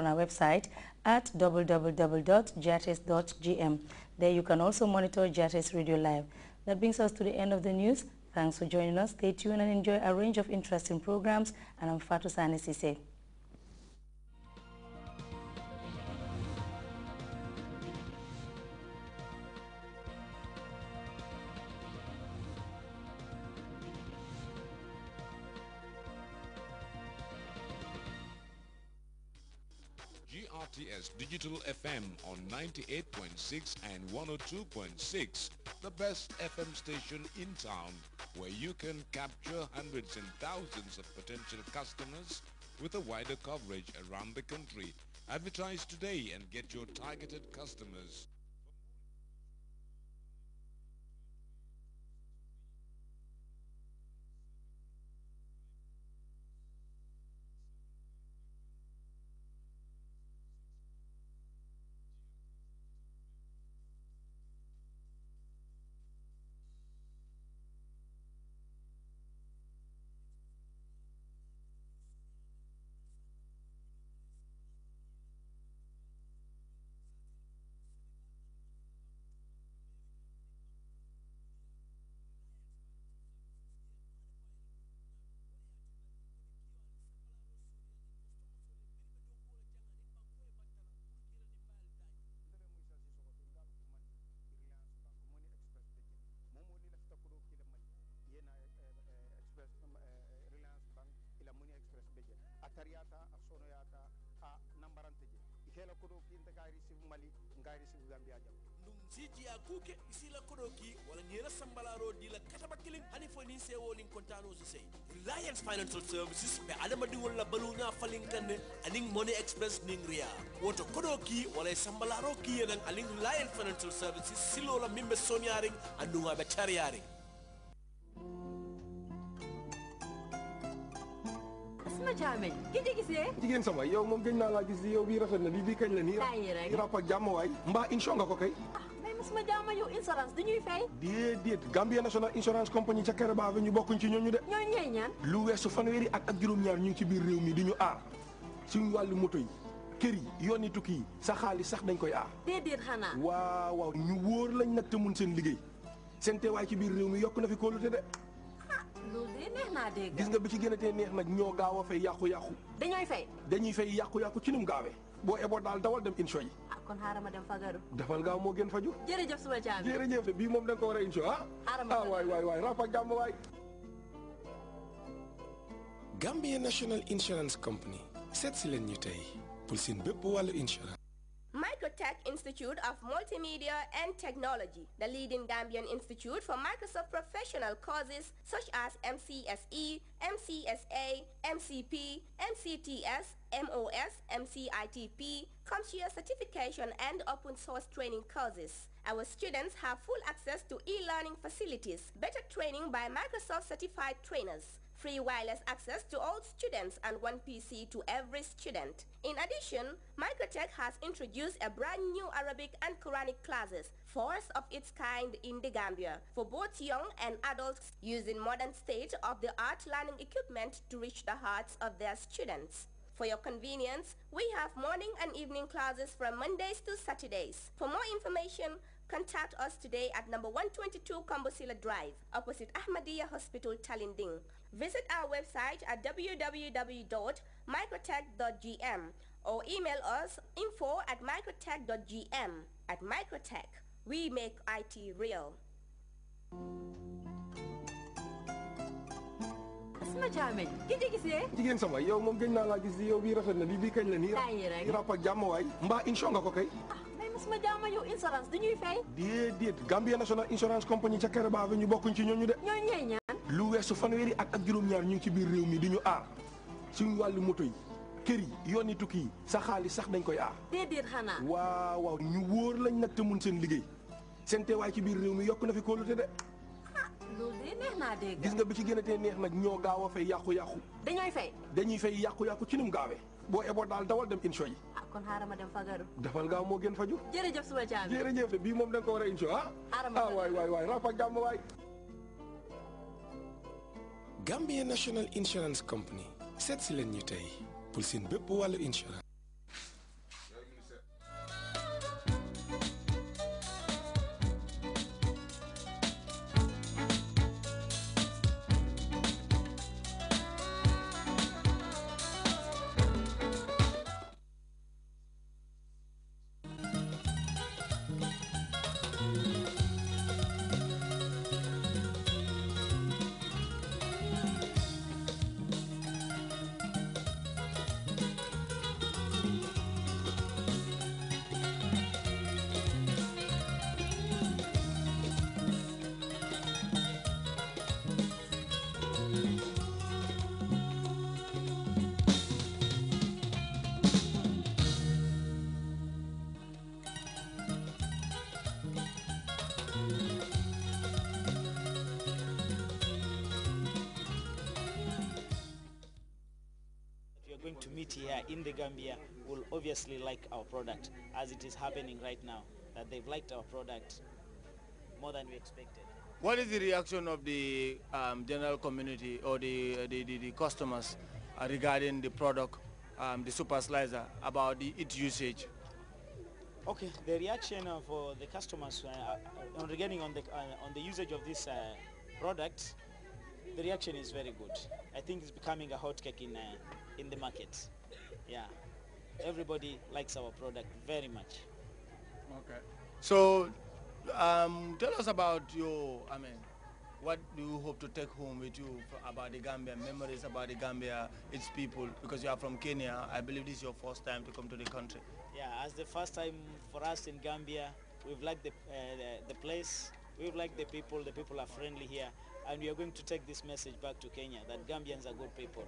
on our website at www.jatis.gm. There you can also monitor Jatis Radio Live. That brings us to the end of the news. Thanks for joining us. Stay tuned and enjoy a range of interesting programs. And I'm Fatou Sani RTS Digital FM on 98.6 and 102.6, the best FM station in town where you can capture hundreds and thousands of potential customers with a wider coverage around the country. Advertise today and get your targeted customers. hela kodo ki nta kayri si mali ngayri si gambia jam dum siji ya kuke la kodo ki wala sambala sambalaro di la kataba kilin ani fo ni se wolin kontano so sey reliance financial services be adama di wala balunga falin kanne aning money express ning ria woto kodo ki wala sambalaro ki yenan aning reliance financial services silola mimbe sonyaring andunga be tariyaring Thiamé gëj a gisee. jigéen sama yow moom gëj naa laa gis yow bii rafet na lii bii kañ la nii. daa yéeral yi ràpp ak jàmm waay. mbaa incha nga ko kay. Ah, ma jaama yow insurance dañuy fay déedéet Gambia National Insurance Company ca Kereba ñu bokkuñ ci ñooñu de lu weesu fanweeri at ak juróom-ñaar ñu ngi ci biir réew mi di ñu aar suñu wàllu moto yi kër yi yoon yi tukki yi sa xaalis sax dañ koy aar déedéet xanaa waaw waaw ñu wóor lañ nag te mun seen liggéey seen teewaay ci biir réew mi yokk na fi kóolute de naa gis nga bi ci gën a tee neex nag ñoo gaaw a fay yàqu-yàqu dañooy fay dañuy fay yàqu-yàqu ci num gaawee boo eboo daal dawal dem incho yi ah kon xaaral ma dem fagaru dafal gaaw moo gën faju jërëjëf suma caabi bii moom da nga ko war a incho ah ah waay waay waay ràpp ak jàmm waay Gambia National Insurance Company seet si leen ñu tey pour seen bépp wàllu insurance Tech Institute of Multimedia and Technology, the leading Gambian institute for Microsoft professional courses such as MCSE, MCSA, MCP, MCTS, MOS, MCITP, CompTIA certification and open source training courses. Our students have full access to e-learning facilities, better training by Microsoft certified trainers, free wireless access to all students and one PC to every student. In addition, Microtech has introduced a brand new Arabic and Quranic classes, first of its kind in the Gambia, for both young and adults using modern state-of-the-art learning equipment to reach the hearts of their students. For your convenience, we have morning and evening classes from Mondays to Saturdays. For more information, contact us today at number 122 Kombosila Drive, opposite Ahmadiyya Hospital, Talinding. Visit our website at www.microtech.gm or email us info at microtech.gm. At Microtech, we make IT real. Sama caamee ki ci gis yee eh? sama yow moom gëj naa laa gis yow bii rafet na bi bii kañ la nii ràpp ak jàmm waay mbaa incha ko kay ah, Isma Jaama yow insurance du ñuy fay. déedéet Gambia National Insurance Company ca Kairaba Avenue ñu bokkuñ ci ñooñu de. ñooñu ñooy ñaan. lu weesu fanweeri at ak juróom-ñaar ñu ngi ci biir réew mi di ñu aar suñu wàllu moto yi kër yi yoon yi tukki yi sa xaalis sax dañ koy aar. déedéet xanaa. waaw waaw ñu wóor lañ nag te mun seen liggéey seen teewaay ci biir réew mi yokk na fi kóolute de. loolu de neex naa dégg. gis nga bi ci gën a tee neex nag ñoo gaaw a fay yàqu-yàqu. dañooy fay. dañuy fey yàqu-yàqu ci ni mu gaawee boo eboo daal dawal dem incho yi ah, kon xaaral ma dem fagaru. dafal gaaw moo gën faju. jërëjëf suma caabi jërëjëf de bii moom da nga ko war a incha ah. xaaral ma ah, waay waay waay rafa jàmm waay. Gambia National Insurance Company seet si leen ñu tey pour seen bépp wàllu insurance. going to meet here in the Gambia will obviously like our product, as it is happening right now, that they've liked our product more than we expected. What is the reaction of the um, general community or the, uh, the, the, the, customers uh, regarding the product, um, the super slicer, about the, its usage? Okay, the reaction uh, for the customers uh, uh, on regarding on the, uh, on the usage of this product, the reaction is very good. I think it's becoming a hot cake in in the market. Yeah. Everybody likes our product very much. Okay. So um, tell us about your, I mean, what do you hope to take home with you about the Gambia, memories about the Gambia, its people, because you are from Kenya. I believe this is your first time to come to the country. Yeah, as the first time for us in Gambia, we've liked the, uh, the, the place, we've liked the people, the people are friendly here, and we are going to take this message back to Kenya, that Gambians are good people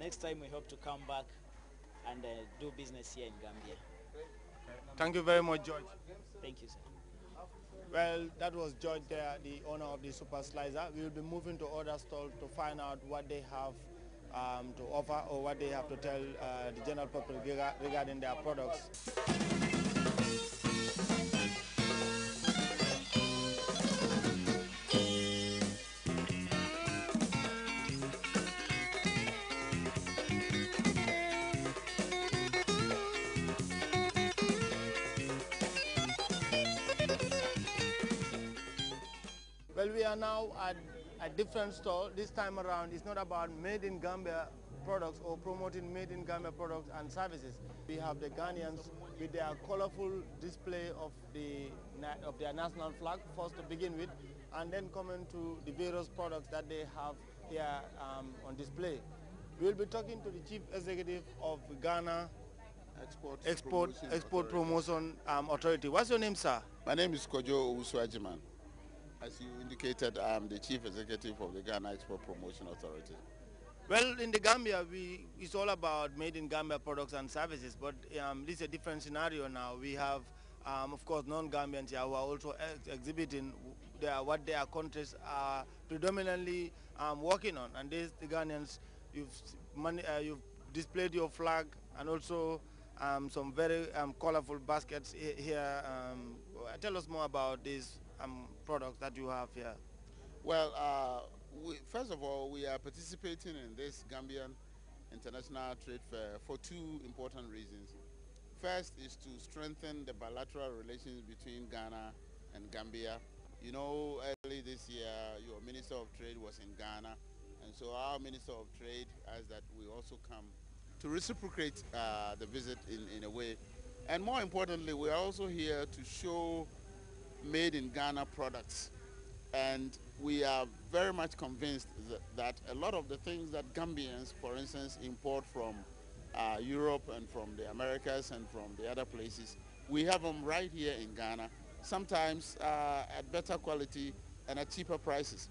next time we hope to come back and uh, do business here in Gambia. Thank you very much, George. Thank you, sir. Well, that was George there, the owner of the Super Slicer. We will be moving to other stalls to find out what they have um, to offer or what they have to tell uh, the general public regarding their products. are now at a different stall. This time around, it's not about made in Gambia products or promoting made in Gambia products and services. We have the Ghanaians with their colorful display of, the, of their national flag, first to begin with, and then coming to the various products that they have here um, on display. We'll be talking to the chief executive of Ghana Export, Export Promotion, Export Authority. Promotion um, Authority. What's your name, sir? My name is Kojo Usuajiman. As you indicated, I'm the chief executive of the Ghana Export Promotion Authority. Well, in the Gambia, we, it's all about made in Gambia products and services, but um, this is a different scenario now. We have, um, of course, non-Gambians who are also ex exhibiting their, what their countries are predominantly um, working on. And these, the Ghanaians, you've, uh, you've displayed your flag and also um, some very um, colorful baskets here. Um, tell us more about this um, products that you have here? Well, uh, we, first of all, we are participating in this Gambian International Trade Fair for two important reasons. First is to strengthen the bilateral relations between Ghana and Gambia. You know, early this year, your Minister of Trade was in Ghana, and so our Minister of Trade asked that we also come to reciprocate uh, the visit in, in a way. And more importantly, we are also here to show made in Ghana products. And we are very much convinced that a lot of the things that Gambians, for instance, import from uh, Europe and from the Americas and from the other places, we have them right here in Ghana, sometimes uh, at better quality and at cheaper prices.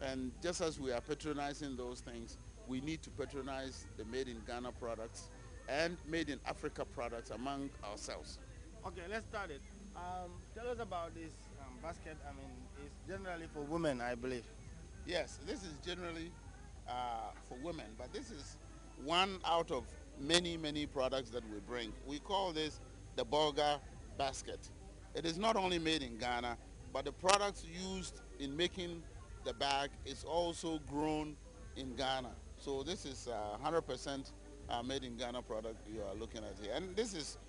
And just as we are patronizing those things, we need to patronize the made in Ghana products and made in Africa products among ourselves. Okay, let's start it. Um, tell us about this um, basket. I mean, it's generally for women, I believe. Yes, this is generally uh, for women, but this is one out of many, many products that we bring. We call this the Bulgar basket. It is not only made in Ghana, but the products used in making the bag is also grown in Ghana. So this is 100% uh, uh, made in Ghana product you are looking at here. And this is